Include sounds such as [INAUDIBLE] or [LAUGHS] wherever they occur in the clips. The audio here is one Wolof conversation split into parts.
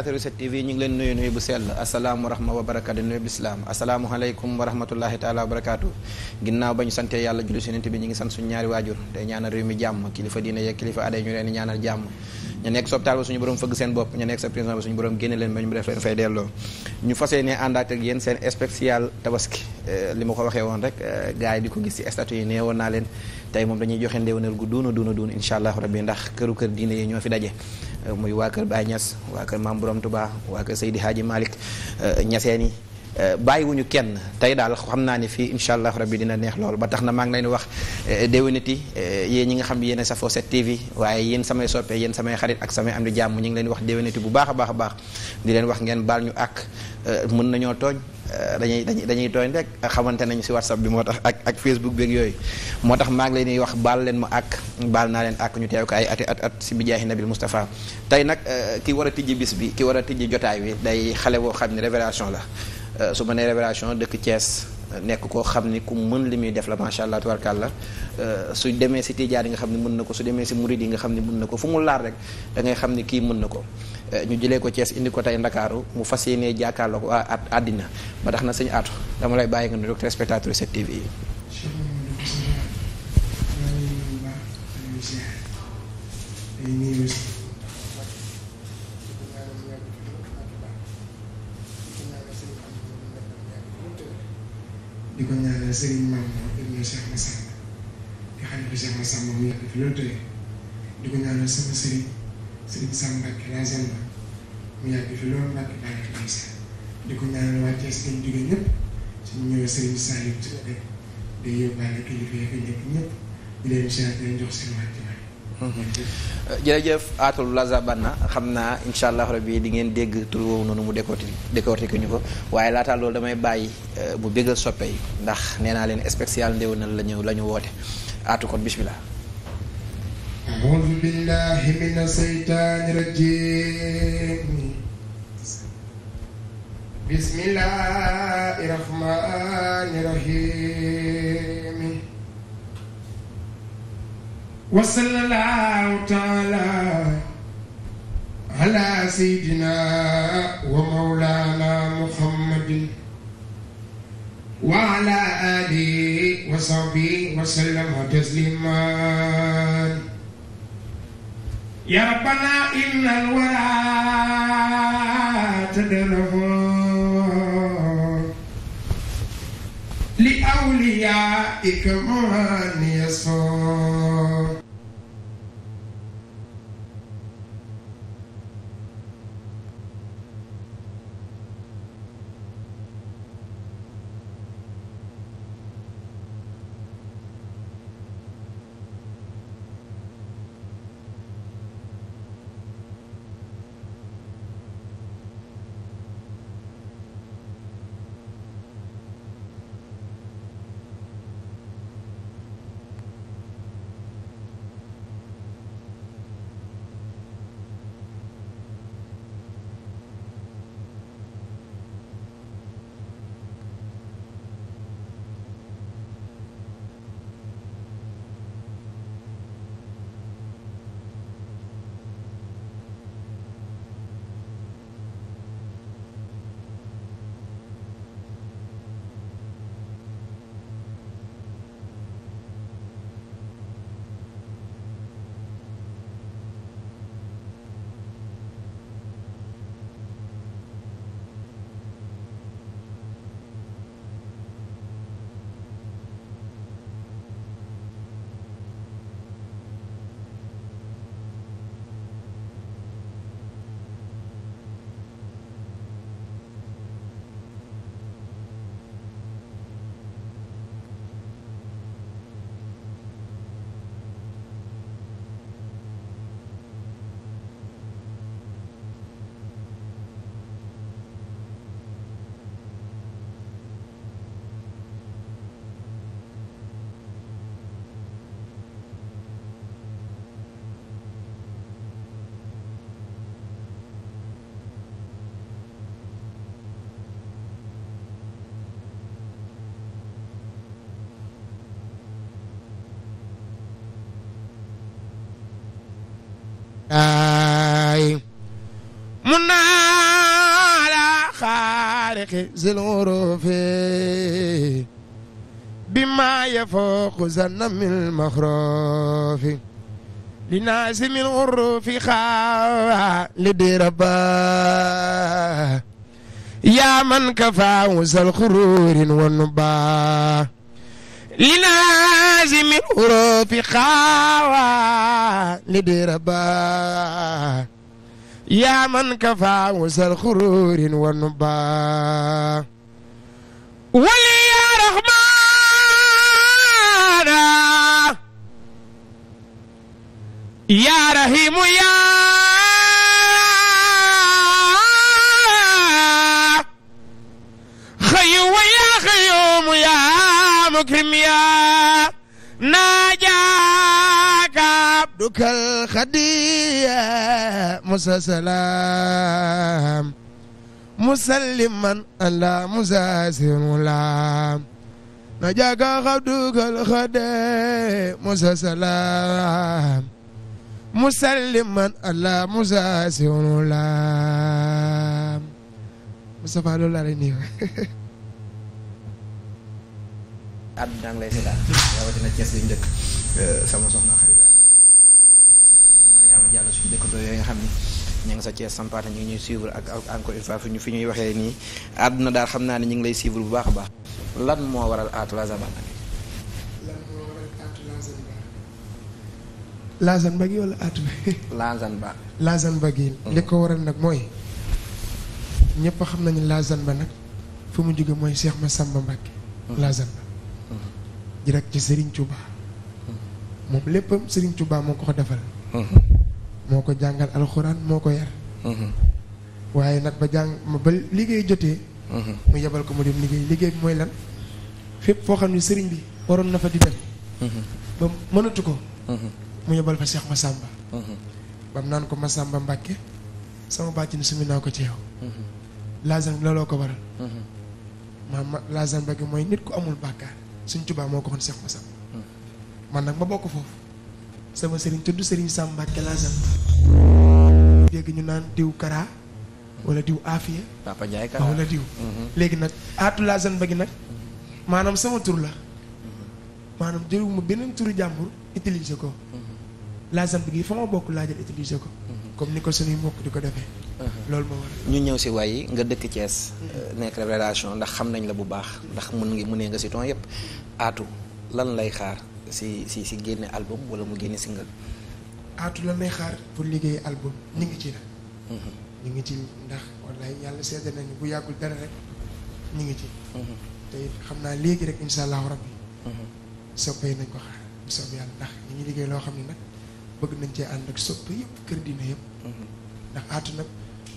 téléspectateur yu 7TV ñu ngi leen nuyu nuyu bu sell asalaamu rahma wa barakaatu nuyu bislaam asalaamu aleykum wa rahmatullahi taala wa barakaatu ginnaaw ba ñu sante yàlla julli sinant bi ñu ngi sant suñu ñaari waajur tey ñaanal réew mi jàmm kilifa diine yeeg kilifa aday ñu leen di ñaanal jàmm ñu nekk sa hôpital ba suñu borom fëgg seen bopp ñu nekk sa prison ba suñu borom génne leen ba ñu def fay delloo ñu fas yéene àndaat ak yéen seen spécial tabaski eh, li ma ko waxee woon rek eh, gars yi di ko gis ci statut yi nee woon naa leen tey moom dañuy joxe ndéwénal gu duuna duuna duun incha allah rabbi ndax këru kër diine yi ñoo fi daje muy waa kër Baye Niass waa kër Maam Borom Touba waa kër Seydi Euh, bàyyiwuñu kenn tey daal xam naa ne fii incha allah rabbi dina neex lool ba tax na maa ngi leen wax euh, déwéniti euh, yéen ñi nga xam yéen a safoo 7TV waaye yéen samay soppe yéen samay xarit ak samay am di jàmm ñu ngi leen wax déwéniti bu baax a baax a baax di leen wax ngeen baal ñu ak mën nañoo tooñ dañuy dañuy dañuy tooñ rek xamante nañu ci whatsapp bi moo tax ak ak facebook beeg yooyu moo tax maa ngi leen di wax baal leen ma ak baal naa leen ak ñu teew ko ay ati at at ci bijaahi nabil Moustapha tey nag ki war a tijji bis bi ki war a tijji jotaay bi day xale boo xam ne révélation la Euh, su ma nee révélation dëkk Thiès euh, nekk koo xam ni ku mën li muy def la macha allah tubarkàlla euh, su demee si tijaan yi nga xam ne mën na ko su demee si murid yi nga xam ne mën na ko fu mu laar rek dangay xam ni kii mën na ko. ñu jëlee ko Thiès indi ko tey Ndakaaru mu fas yéenee jàkkaarloo ko waa àddina ba tax na suñu aatu dama lay bàyyi nga nuyu téléspectateur 7TV yi. di ko ñaanal Serigne Mame Mor di xalifa Cheikh Massamba mu yàgg fi loolu tëye di ko ñaanal sama Serigne Serigne Sam Mbacke la Zamba mu yàgg fi loolu Mbacke Baye Moussa di ko ñaanal waa Thiès dañ jóge ñëpp suñu ñëwee Serigne Saliou ci day yóbbaale kilifa yi fi nekk ñëpp di leen siyaare di leen jox seen Euh, jërëjëf aatul lazabana xam naa incha allah rabi di ngeen dégg tur woowu noonu mu décorti décortiqué ñu ko waaye laataa loolu damay bàyyi euh, bu bégal soppe yi ndax nee naa leen spécial ndéwénal la ñu la ñu woote aatu kon bismillah auzu billahi mina seytaani rajim bismillahi rahmaani rahim وصلى الله تعالى على سيدنا ومولانا محمد وعلى آله وصحبه وسلم تسليما يا ربنا إن الورى تدره لأوليائك مهن يسور ay munala khariqi zilurufi bima yafuqu zanamil makhrufi لنازم الغروف خاوى لدربا يا من كفى وزل خرور والنبا للازم الحروف خاوى لدربا يا من كفى وسر خرور ونبا ولي يا رحمن يا رحيم يا مكرم يا ناجاك عبدك الخديع موسى سلام مسلما ألا مزاسر لا نجاك عبدك الخديع موسى سلام مسلما ألا مزاسر لا مصطفى لولا رنيو àdduna am rawatina Thiès dëkk eh, sama soxna Xarida ñoom Mariama Diallo suñu dëkkandoo yooyu nga xam ni ñu ngi sa Thiès sampaate ñu ngi ñuy suivre ak ñu fi ñuy waxee nii àdduna daal xam naa ne ñu ngi lay suivre bu baax a baax lan moo waral aatu la zaman lan moo waral aatu la zaman laazan bagi wala aatu bi laazan ba laazan bagi mm. li ko waral nag mooy ñëpp xam nañu laazan ba nag fu mu jóge mooy Cheikh Massamba Mbacke mm. laazan ba ji rek ci Serigne Touba moom léppam Serigne Touba moo ko ko defal. moo ko jàngal alxuraan moo ko yar. waaye nag ba jàng ba liggéey jotee. mu yebal ko mu dem liggéey liggéey bi mooy lan fépp foo xam ne Serigne bi waroon na fa di dem. ba mënatu ko. mu yebal fa Cheikh Massamba. bam naan ko Massamba Mbacke sama bàcc ni sumi naa ko ci yow. laazan looloo ko waral. maam laazan Mbacke mooy nit ku amul bàkkaar. suñ tubaa moo ko xoon Cheikh Massa man nag ma bokk foofu sama sëriñ tudd sëriñ Sam Mbàkke laa sant dégg ñu naan diw Kara wala diw Afia Papa Njaay Kara wala diw mhm. léegi nag aatu laa sant ba gi nag maanaam sama tur la mhm. maanaam jëluma beneen turu jàmbur utiliser ko mhm. laa sant gi fa ma bokk laa jël utiliser ko comme ni ko suñuy mbokk di ko defee loolu moo waral ñu ñëw si waay yi nga dëkk Thiès. Euh, nekk révélation ndax xam nañ la bu baax ndax mun ngi mënee nga si ton yëpp aatu lan lay xaar si si si génne album wala mu génne single. aatu lan lay xaar pour liggéey album ñu ci mhm. nag. ñu ngi ci ndax wallaay yàlla seede nañu bu yàggul dara rek ngi ci. Mhm. te xam naa léegi rek incha allahu rabbi. Mhm. soppee nañ ko xaar sopp liggéey loo xam ne bëgg nañ cee ànd ak sopp yëpp ndax aatu nag.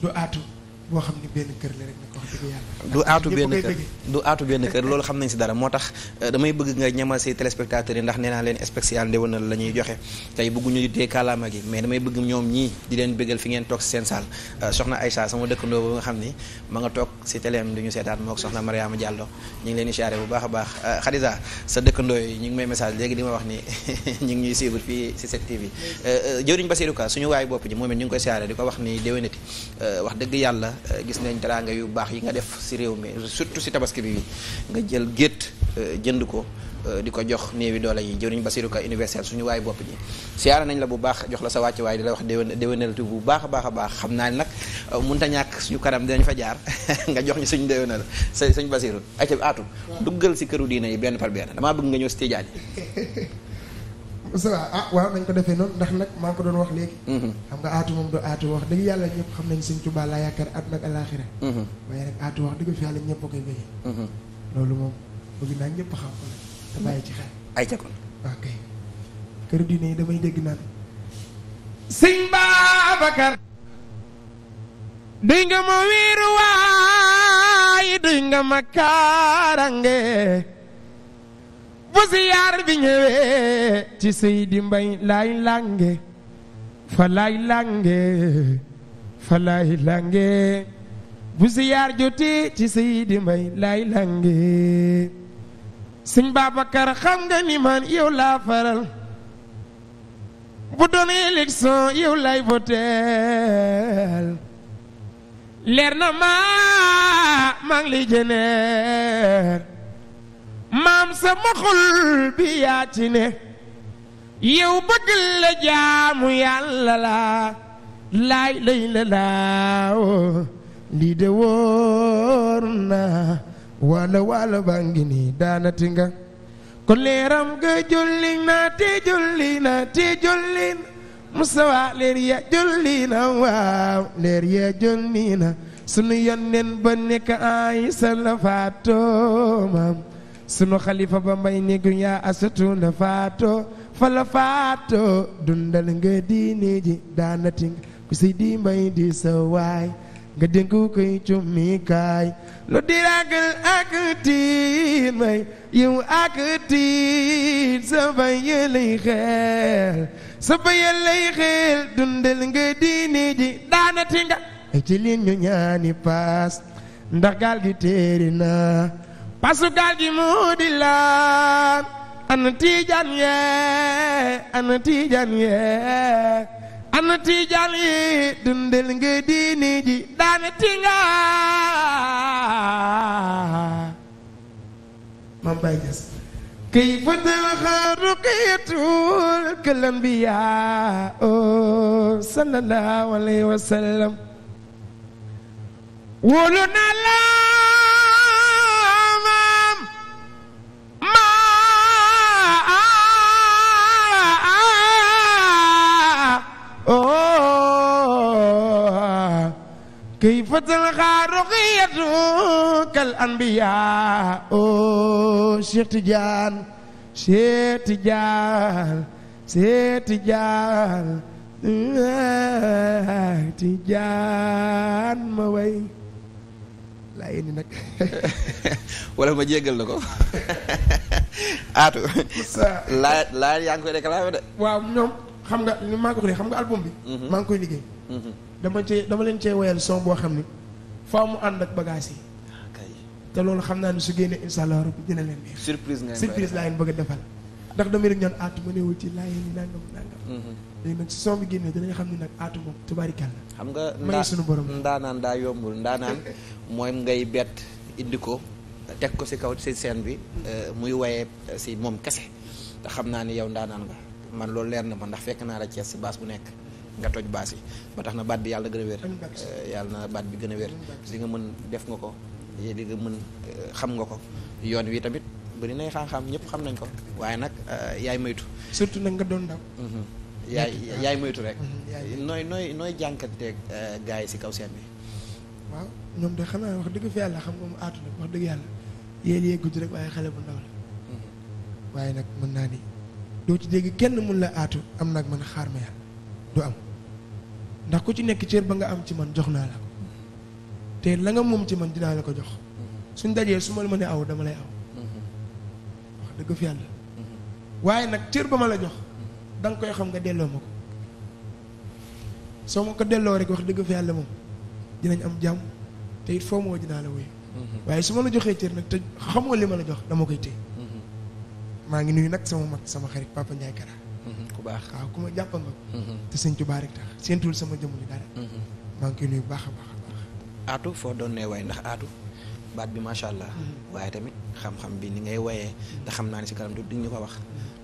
du àttu boo xam ni benn kër la rek nag wax dëgg yàlla. du aatu benn kër du loolu xam nañ si dara moo tax euh, damay bëgg nga ñamal say téléspectateurs yi ndax nee naa leen spécial ndéwénal la ñuy joxe tey bëgguñu ñu dee kàllaama mais damay bëgg ñoom ñii di leen bëggal fi ngeen toog si seen salle euh, soxna Aïcha sama dëkkandoo ba nga xam ni ma nga toog si téléem di ñu seetaan moo soxna Mariama Diallo ñu ngi leen di siyaare bu baax a baax euh, Khadija sa dëkkandoo yi ñu ngi may message léegi di ma wax ni [LAUGHS] ñu ngi ñuy suivre fii si 7TV jëwriñ Basirou Ka suñu waay bopp ji moom it ñu ngi koy siyaare di ko wax ni déwénati wax dëgg yàlla Euh, gis nañ teraanga yu baax yi nga def si réew mi surtout si tabaski bi nga jël gétt euh, jënd ko euh, di ko jox néewi doole yi jëriñ Bassirou ko universel suñu waay bopp ji siyaara nañ la bu baax jox la sa wàcc waaye di la wax déwén déwénaltu bu baax a baax a baax xam naa ne nag mënut a ñàkk suñu kanam dinañ fa jaar [LAUGHS] nga jox ñu suñu déwénal sa suñ Bassirou aca aatu duggal si këru diina yi benn par benn damaa bëgg nga ñëw si tiijaan [LAUGHS] Moustapha ah waaw nañ ko defee noonu ndax nag maa ngi ko doon wax léegi mhm. xam nga aatu moom du aatu wax dëgg yàlla ñëpp xam nañ sëñ Tuubaa laa yaakaar àdduna ak alaaxira mhm. waaye nag aatu wax dëgg fi yàlla ñëpp koy bëggee mhm. loolu moom bëgg naa ñëpp xam ko nag te bàyyi ci xel ay ca kon waaw kër diine yi damay dégg naan sëñ Babacar duy ma wiiru waay duy ma kaarange bu ziyaar bi ñëwee ci Seydi Mbay laay lànge fa laay lànge fa laay lànge bu ziyaar jotee ci Seydi Mbay laay lànge sëñ Babacar xam nga ni man yow laa faral bu doon élection yow laay voteel leer na maa ngi lay jëneer sama xol bi yaa ci ne yow bëgg la jaamu yàlla laa laay lay la lii de wóor na wala wala baa ngi nii daanati nga kon leeram ga julli na te julli na te julli na musawa leer ya julli na waaw leer ya julli na sunu yonnen ba nekk ay sa la faatoomam sunu xalifa ba mbay néegu yaa asatu na faato fala faato dundal nga diine ji daana ting ku si di di sa nga dénku koy cummi kaay lu diragal ak tiit may yow ak tiit sa baya lay xeel sa baya dundal nga diine ji daana tinga ay ci liin ñu ñaani paas ndax gaal gi téeri na pasukaal gi mu di laam ana yee ana tiijaan yee ana tiijaan yi dundal nga diini ji daana tinga mam bay ges kay fëtël xaaru kayatul kël anbiyaa oo oh, sallallahu alayhi wa sallam wóolu naa كيف تلقى رقيتك الأنبياء أو شيخ تجان شيخ تجان شيخ تجان tijaan ma way laa indi nag wala ma jéggal [LAUGHS] la ko aatu laa laa yaa ngi koy déclaré de waaw ñoom xam nga maa xam nga album bi mhm. maa ngi koy liggéey mhm. dama cee dama leen cee woyal son boo xam ni faaw mu ànd ak bagage yi. te loolu xam naa ne su génnee incha allah rabbi dina leen neex. surprise nga surprise laa bëgg a defal. ndax damay rek ñoon aatu ma newul ci laay yi nangam nangam. Mhm. léegi nag si son bi xam ne nag aatu moom tubaarikàlla. xam nga may sunu borom ndaanaan daa yombul ndaanaan mooy ngay bett indi ko teg ko si kaw si seen bi. Euh, muy waye si moom kese. te xam naa ni yow ndaanaan nga man loolu leer na ma ndax fekk naa la Cees si baas bu nekk. nga toj baas yi ba tax na baat bi yàlla na gën a wér eh, yàlla na baat bi gën a wér li nga mën def nga ko li nga mën eh, xam nga ko yoon wii tamit bari nay xam-xam ñëpp xam nañ ko waaye nag eh, yaay moytu surtout nag nga doon ndaw mm-hmm. yaay yaay moytu rek mm-hmm, nooy nooy nooy jànkanteeg gars yi si kaw seen bi waaw ñoom de xanaa wax dëgg fi yàlla xam nga mu aatu nag wax dëgg yàlla yéen yee gudd rek waaye xale bu ndaw la mm-hmm. waaye nag mën naa ni doo ci dégg kenn mun la aatu am nag man xaar ma yàlla du am ndax ku ci nekk cër ba nga am ci man jox naa la ko te la nga moom ci man dinaa la ko jox suñ dajee su ma la mënee aw dama lay aw wax dëgg fi yàlla waaye nag cër ba ma la jox danga koy xam nga delloo ma ko soo ma ko delloo rek wax dëgg fi yàlla moom dinañ am jàmm te it foo ma woo dinaa la wuyu waaye su ma la joxee cër nag te xamoo li ma la jox dama koy téye mm-hmm. maa ngi nuyu nag sama mag sama xarit Papa Ndiaye Kara baax waaw ku ma jàppal nga ko mm-hmm. te sëñ Tuubaa rek tax séentul sama jëmm ni dara mm-hmm. maa ngi koy nuyu baax a baax a baax aatu foo doon ne waay ndax aatu baat bi macha allah mm-hmm. waaye tamit xam-xam bi ni ngay wayee te xam naa ni si kanam du di ñu ko wax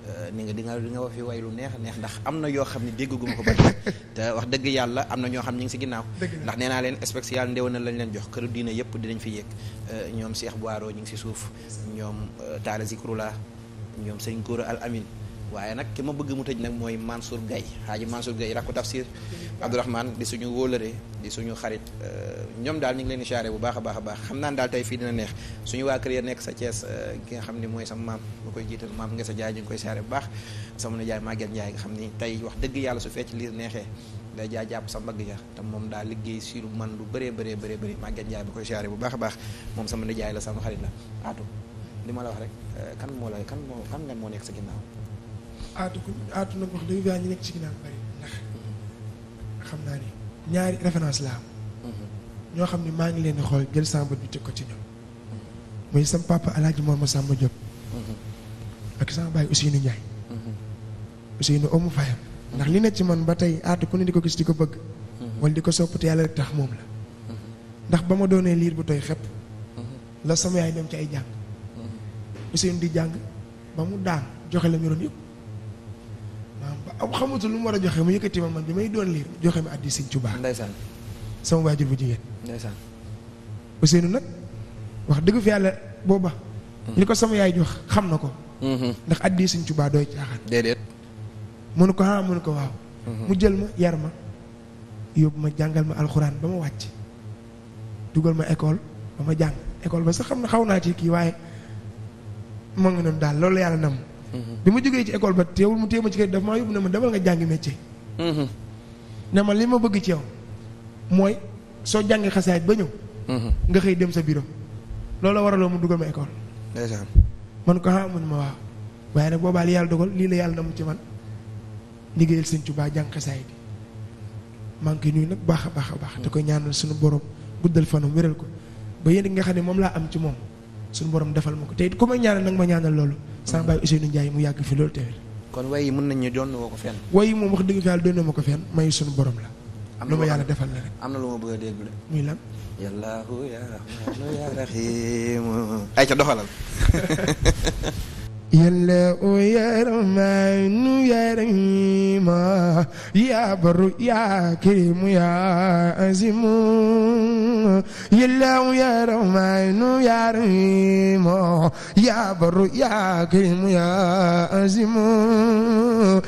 euh, ni nga di nga di nga wax fi way lu neex neex ndax na yoo xam ne dégguma ko ba [LAUGHS] te wax dëgg yàlla am na ñoo xam ne ñu si ginnaaw ndax nee naa leen spécial ndéwénal lañ leen jox këru diina yëpp dinañ fi yéeg euh, ñoom Cheikh Boiro ñu ngi si suuf ñoom euh, Talla Zikrula ñoom sëñ Gora Al Amin waaye nag ki ma bëgg mu tëj nag mooy Mansour Gaye xaaji Mansour Gaye rakku tafsir Abdourahmane di suñu wóolëre di suñu xarit euh, ñoom daal ñu ngi leen di xaare baax baax baax xam naan daal tey fii dina neex suñu waa kër ya nekk sa Thiès euh, nga xam ne mooy sa maam ma koy jiital maam nga sa jaay ñu ngi koy xaare bu baax sama nijaay Maguette Ndiaye nga xam ni tey wax dëgg yàlla su fecc liir neexee day jaa jàpp sa mbagg ja te moom daa liggéey sur man lu bëree bëree bëree bëri Maguette Ndiaye ma koy xaare bu baax a moom sama nijaay la sama xarit la aatu li ma la wax rek euh, kan moo la kan moo kan nga moo nekk sa ginnaaw aatu ko aatu na ko wax dëgg ndax xam naa ni ñaari référence la am. Mm-hmm. ñoo xam ne maa ngi leen di xool jël sàmba bi teg ko ci ñoom. muy sam papa El Hadj Mor Samba Diop. Mm-hmm. ak sama baay Ousseynou Ndiaye. Mm-hmm. Ousseynou amu fayam. ndax li nekk ci man ba tey aatu ku ne di ko gis di ko bëgg. wala di ko sopp te yàlla rek tax moom la. ndax ba ma doonee liir bu tooy xepp. la sama yaay dem ci ay jàng. Ousseynou di jàng ba mu daan joxe la ñu doon yëpp. am xamatul lu mu war a joxe mu yëkkati ma man bi may doon liir joxe ma addi sëñ Tuubaa ndeysaan sama waajur bu jigéen ndeysaan Ousseynou nag wax dëgg fi yàlla booba hmm. li ko sama yaay jox xam na ko hmm. ndax addi sëñ Tuubaa dooy caaxaan déedéet mu ne ko ah mu ko waaw hmm. mu jël ma yar ma yóbbu ma jàngal ma alxuraan ba mu wàcc dugal ma école ba ma jàng école ba sax xam na xaw naa ci kii waaye ma nga noonu daal loolu yàlla nam bi ma jógee ci école ba teewul mu téye ma ci kër daf maa yóbbu ne ma demal nga jàngi métier. Mm-hmm. ne ma li ma bëgg ci yow mooy soo jàngi xasaayit ba ñëw. Mm-hmm. nga xëy dem sa bureau. loolu la waraloo mu dugal ma école. man ko ah mun ma waaw. waaye nag boobaa li yàlla dogal lii la yàlla na mu ci man liggéeyal sëñ Tuubaa jàng xasaayit yi maa ngi koy nuyu nag baax a baax a baax. te koy ñaanal suñu borom guddal fanam wéral ko ba yéen nga xam ne moom laa am ci moom borom defal ma ko te it ku may nag ma ñaanal loolu. sama baay Ousseynou Ndiaye mu yàgg fi loolu teewel kon way yi mën nañ ñu doon woo ko fenn way yi moom wax dëgg fi yàlla doon ma ko fenn mayu suñu borom la lu ma yàlla defal la rek am na lu ma bëgg a dégg de muy lan yàllaahu yaa rahmaanu yaa rahiim ay ca doxalal [LAUGHS] yalla ya baru ya karimu ya azimu ya baru ya azimu ya baru ya karimu ya azimu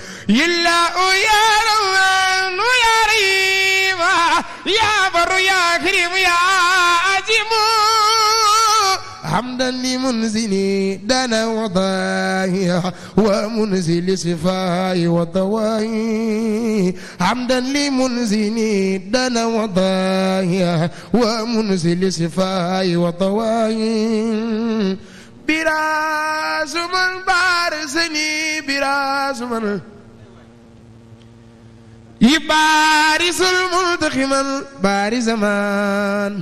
حمدا لمنزلي دانا وضاهيا ومنزل صفاي وضواهي حمدا لمنزلي دانا وضاهيا ومنزل صفاي وضواهي براس من بارسني براس من يبارس الملتقي من بارس زمان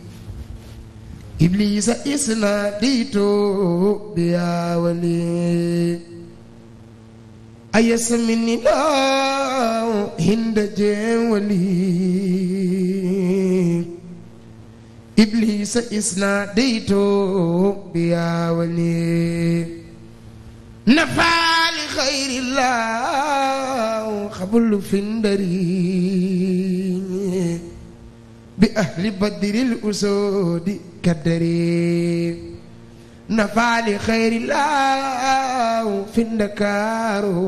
iblisa isna diitu biyaa wali ayasa minni laaw hinda jeen wali iblisa isna diitu biyaa wali nafaali xayri laaw xabulu findari bi ahli badril usoodi kaddari nafaali xayri laaw fi ndakaaru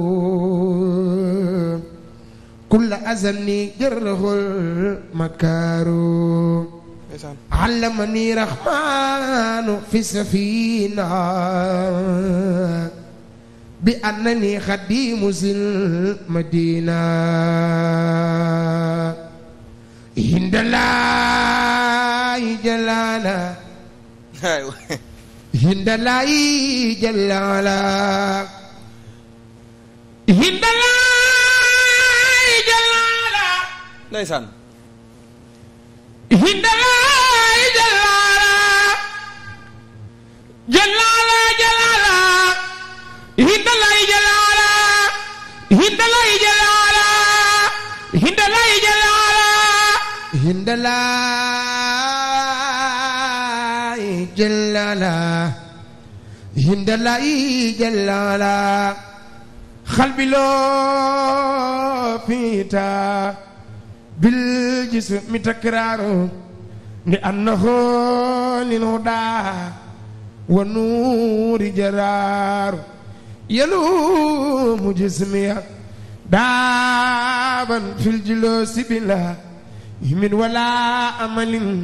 kulla azani jërëxul makaaru allamani rahmaanu fi safina bi annani xadiimu sil madina hindalaayi jalaala hindalaayi jalaala hindalaayi jalaala ndeysaan hindalaayi jalaala jalaala jalaala hindalaayi jalaala hindalaayi jalaala عند الله جل لا عند الله جل لا قلبي لو فيتا بالجسم تكرار لأنه للهدى والنور جرار يلوم جسمي دابا في الجلوس بلا من ولا أمل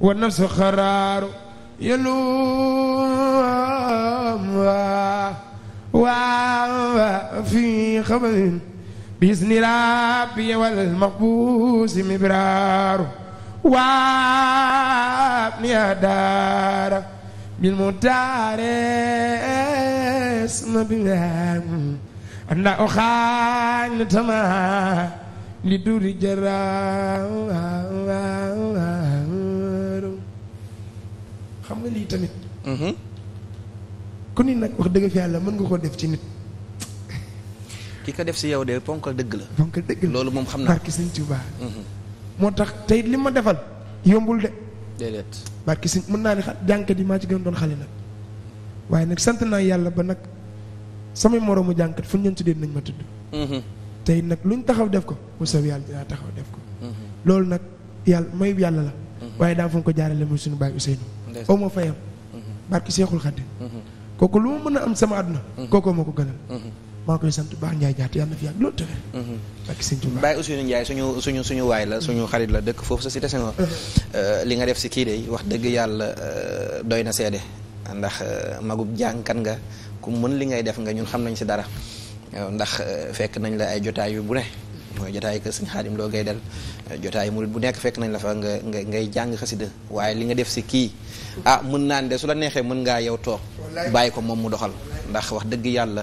والنفس قرار يلوم وفي خبر بإذن ربي والمقبوس مبرار وابني دار بالمدار اسم بلام أن أخان تمام li duri jaraaru xam nga lii tamit mm-hmm. ku ni nag wax dëgg fi yàlla mën nga koo def ci nit ki ko def si yow de ponkal dëgg la ponkal dëgg la loolu moom xam naa barki sëñ Tuubaa mm-hmm. moo tax tey li ma defal yombul de déedéet barki sëñ mën naa ne jànkat yi maa ci gën doon xale nag waaye nag sant naa yàlla ba nag samay moroomu jànkat fu ñu leen tuddee nañ ma tudd mm-hmm. tey nag lu ñu taxaw def ko bu soob yàlla dinaa taxaw def ko mm-hmm. loolu nag yàlla may yàlla la mm-hmm. waaye daa fa ko jaarale muy suñu baay Ousseynou aw ma fayam mm-hmm. barki Seexul Xadiim kooku lu ma mën a am sama àdduna kookoo moo ko gënal maa koy sant baax Ndiaye jaat yàlla na fi yàgg loolu tëfee barki suñu suñu suñu waay la suñu xarit la dëkk foofu sa si deseno uh-huh. uh, li nga def si kii dey wax dëgg yàlla uh, doy na seede ndax uh, magub jànkat nga ku mën li ngay def nga ñun xam nañ si dara ndax euh, fekk nañ la ay jotaay yu bu ne mooy jotaay kër sëñ Xaadim loo ngay del euh, jotaay murit bu nekk fekk nañ la fa nga ngay jàng xasida waaye li nga def si kii ah mën naa ne de su la neexee mën ngaa yow toog bàyyi ko moom mu doxal ndax wax dëgg yàlla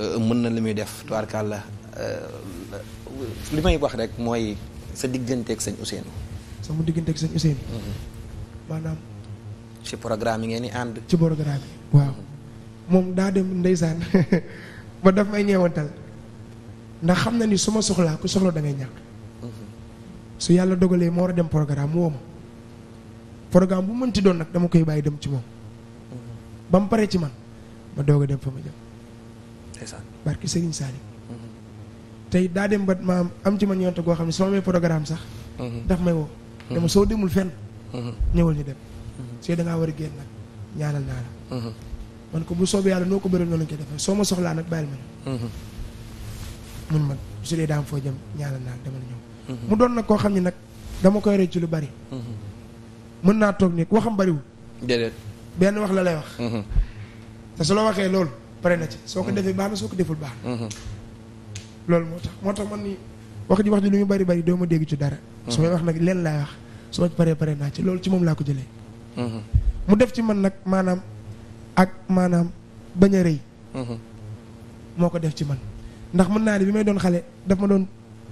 euh, mën na li muy def tubaarkàlla li may wax rek mooy sa digganteeg sëñ Ousseynou. sama digganteeg sëñ Ousseynou. Mm-hmm. maanaam. ci programme yi ngeen di ànd. ci programme yi waaw moom daa dem ndeysaan [LAUGHS] ba daf may ñeewantal ndax xam na ni su ma soxlaa ku soxla da ngay su yàlla dogalee ma war a dem programme woo ma programme bu mënti doon nag dama koy bàyyi dem ci moom ba mu pare ci man ma doog a dem fa ma jëm barki Serigne Saliou tey daa dem ba ma am ci ma ñeewante goo xam ne su ma amee programme sax daf may woo dama soo demul fenn ñëwal ñu dem mhm. su da dangaa war a génn nag ñaanal naa la mhm. man ko bu soobee yàlla noo ko bëri noonu lañ koy defee soo ma soxlaa nag bàyyil man mhm. foo jëm ñaanal naa demal ñëw mhm. mu doon nag koo xam ne nag dama koy rëcc ci lu bari mhm. mën naa toog nii waxam bariwul déedéet benn wax la lay wax te su la waxee loolu pare na soo ko defee baax na soo ko deful baax na loolu moo tax moo tax man ni wax ji wax ji lu ñu bari bari doo ma dégg ci dara su may wax nag lenn laay wax su ma paree pare naa ci loolu ci moom laa ko jëlee mu def ci man nag maanaam ak maanaam bañ a rëy. Mhm. moo ko def ci man ndax mën naa ne bi may doon xale daf ma doon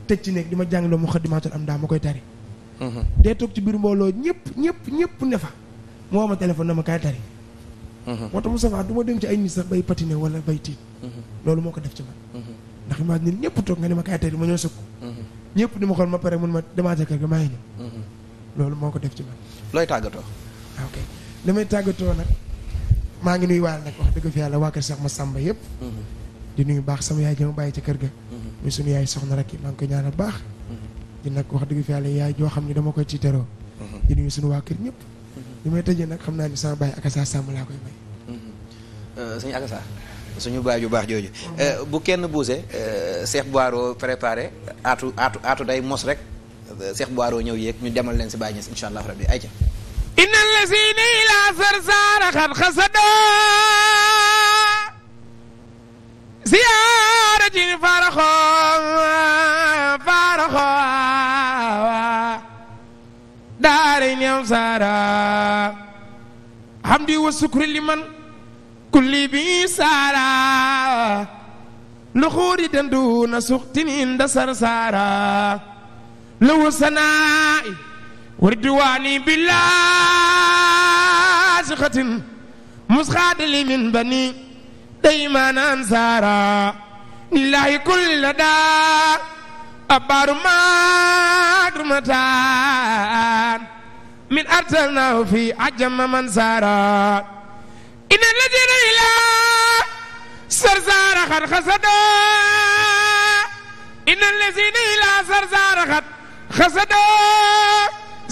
tëj ci néeg di ma jàngloo mu xëddimaatul am daa ma koy tari. Mhm. dee toog ci biir mbooloo ñëpp ñëpp ñëpp ne fa mu ma téléphone na ma kaay tari. Mhm. moo du ma dem ci ay bay patiné wala bay tiit. loolu moo ko def ci man. ndax maa nit ñëpp toog nga ne ma kaay tari ma ñoo sëkku. ñëpp di ma xool moo ko def ci looy tàggatoo. Ah, ok li tàggatoo nag. maa ngi nuy waale nag wax dëgg fi yàlla waa kër Cheikh Massamba yëpp di nuyu baax sama yaay ji ma bàyyi ca kër ga muy suñu yaay soxna rek maa ngi koy ñaanal baax di nag wax dëgg fi yàlla yaay joo xam ne dama koy tiitaroo di suñu waa kër ñëpp li may tëjee nag xam naa ni sama baay akasa sàmm laa koy may euh, suñu akasa suñu baay ju baax jooju euh, bu kenn buuse euh, Cheikh Boiro préparé aatu aatu aatu day mos rek Cheikh Boiro ñëw yéeg ñu demal leen si bàyyi ñes incha allah rabbi ayca إن الذين إلى سرسار قد خسدوا زيارة فرخوا فرخوا دار يمسارا حمدي والشكر لمن كل بيسارا لخوري دندون سخت عند سرسارا لو سنائي وردواني بلاسخة مسخاد لي من بني دايما أنصارا لله كل لدى أبار ما درمتان من أرسلناه في عجم من سارا إن الذين إلى سرزار خد خسدا إن الذين إلى سرزار خد خسدا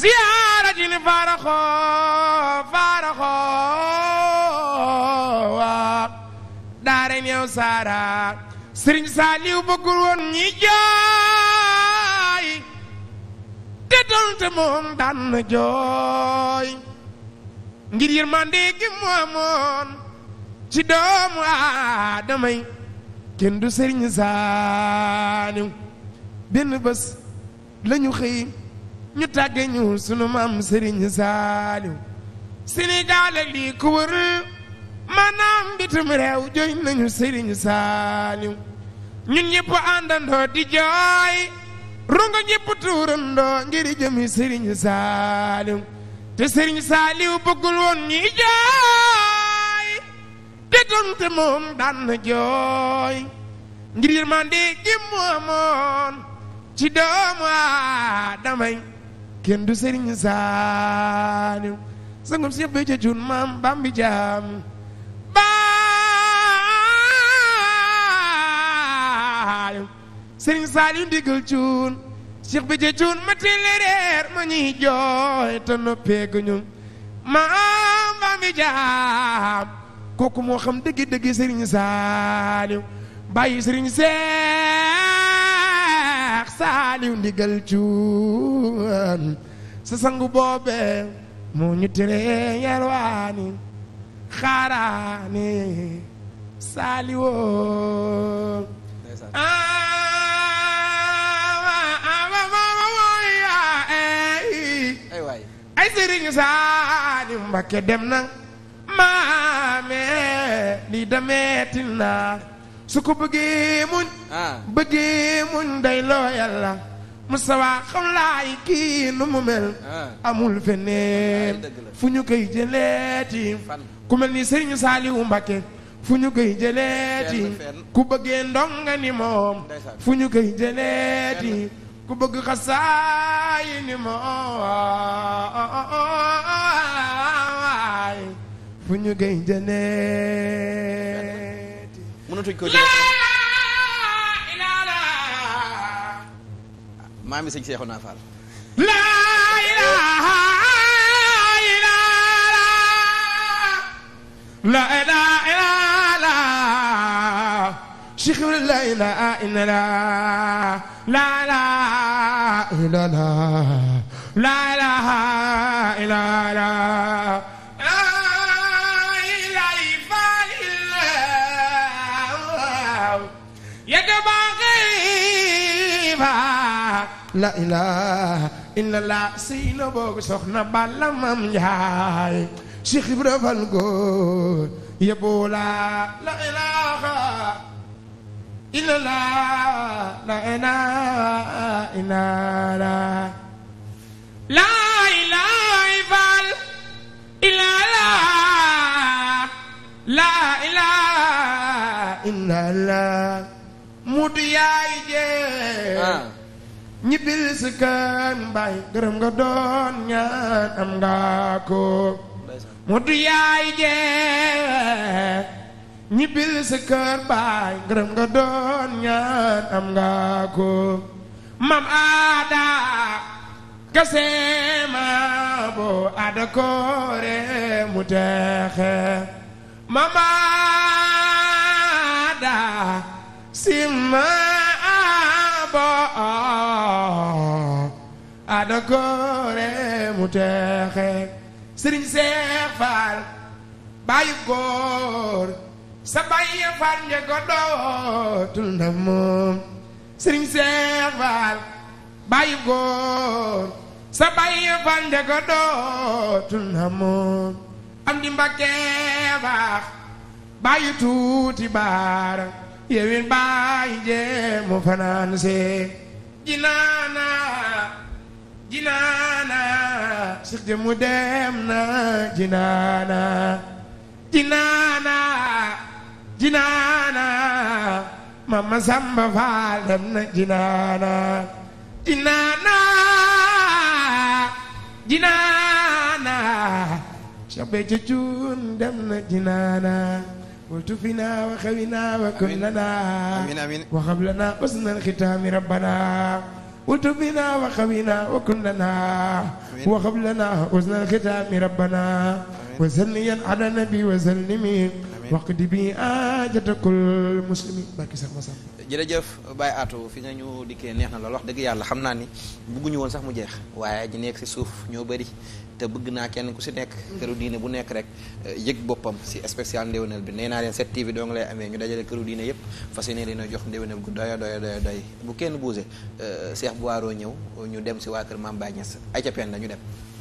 ziyaara ji li faaraxoo faaraxoo waa daare neew saara sëriñ Saaliw bëggul woon ñi jooy te doonte daan na jooy ngir yërmande gi mu amoon ci doomu aadama yi kenn du sëriñ Saaliw benn bés lañu xëy ñu tàgge ñu sunu maam Serigne Saliou Sénégal ak lii ku wër maanaam bitim réew jooy nañu Serigne Saliou ñun ñëpp àndandoo di jooy rungo ñëpp tuurandoo ngir jëmi Serigne Saliou te Serigne Saliou bëggul woon ñuy jooy te donte moom daan na jooy ngir yërmande gi mu amoon ci doomu aadama kenn du sëriñ saaliw sangum si yëpp ca jun maam bambi jaam baaliw sëriñ saaliw ndigal cuun Cheikh bi ca ma tele reer ma ñuy jooy te noppeeguñu maam bambi jaam kooku moo xam dëgg dëgg sëriñ saaliw bàyyi sëriñ saaliw ndigal cuun sa sangu boobee mu ñu tere yarwaani xaaraani saaliwoo ay sëriñ saaliw mbakke dem na maame lii dameetin naa su ko bëggee muñ ah. bëggee muñ day loo yàlla Moustapha xam laay kii nu mu mel ah. amul feneen ah, fu ñu koy jëleeti ku mel ni Serigne Saliou Mbacké fu ñu koy jëleeti ku bëggee ndonga ni moom fu ñu koy jëleeti ku bëgg xasaayi ni moom fu ñu koy jëlee mënatuñ koo jëlee. maam yi sëñ Seexuna Faal. la ilaha illallah Cheikh la ilaha illallah la ilaha illallah la ilaha illallah la ilaha illallah sëy na boog soxna Balla Mam Njaay la ilaha illallah la la ilaha Fall illallah la yaay jee ah. ñibbil si kan mbay gërëm nga doon ñaan am nga mu du yaay jee ñibbil si kan mbay gërëm nga doon ñaan am nga mam aada kaseema boo aada koore mu teexe mam aada simma boo da góore mu teexe sëriñ Seex baayu góor sa bàyyi faal njëgo dootul ndam moom sëriñ Seex Faal baayu góor sa bàyyi faal njëgo dootul ndam moom am di Mbàkke baayu tuuti baara yewin baayu jéemu fanaan see jinaana jinaana Cheikh Jëmmu dem na jinaana jinaana jinaana Samba Faal dem na jinaana jinaana jinaana Cheikh Béthio Thioune dem na jinaana قلت فينا وخوينا وكن لنا وخب لنا حسن الختام ربنا وتب بنا وقوينا وكن لنا وهب لنا حسن الختام ربنا وسليا على النبي وسلم waqdi bi aajatakul muslimin barki sax ma sax jërëjëf Baye Atou fi nga ñu dikkee neex na lool wax dëgg yàlla xam naa ni bugguñu woon sax mu jeex waaye ñi nekk si suuf ñoo bari te bëgg naa kenn ku si nekk këru diine bu nekk rek eh, yëg boppam si spécial ndéwénal bi nee naa leen 7TV dong lay amee ñu dajale këru diine yëpp fas yéene leen a jox ndéwénal gu doya doya doya doy bu kenn buuse eh, bu waaroo ñëw ñu dem si waa kër Mame Baye ay ca pen la dem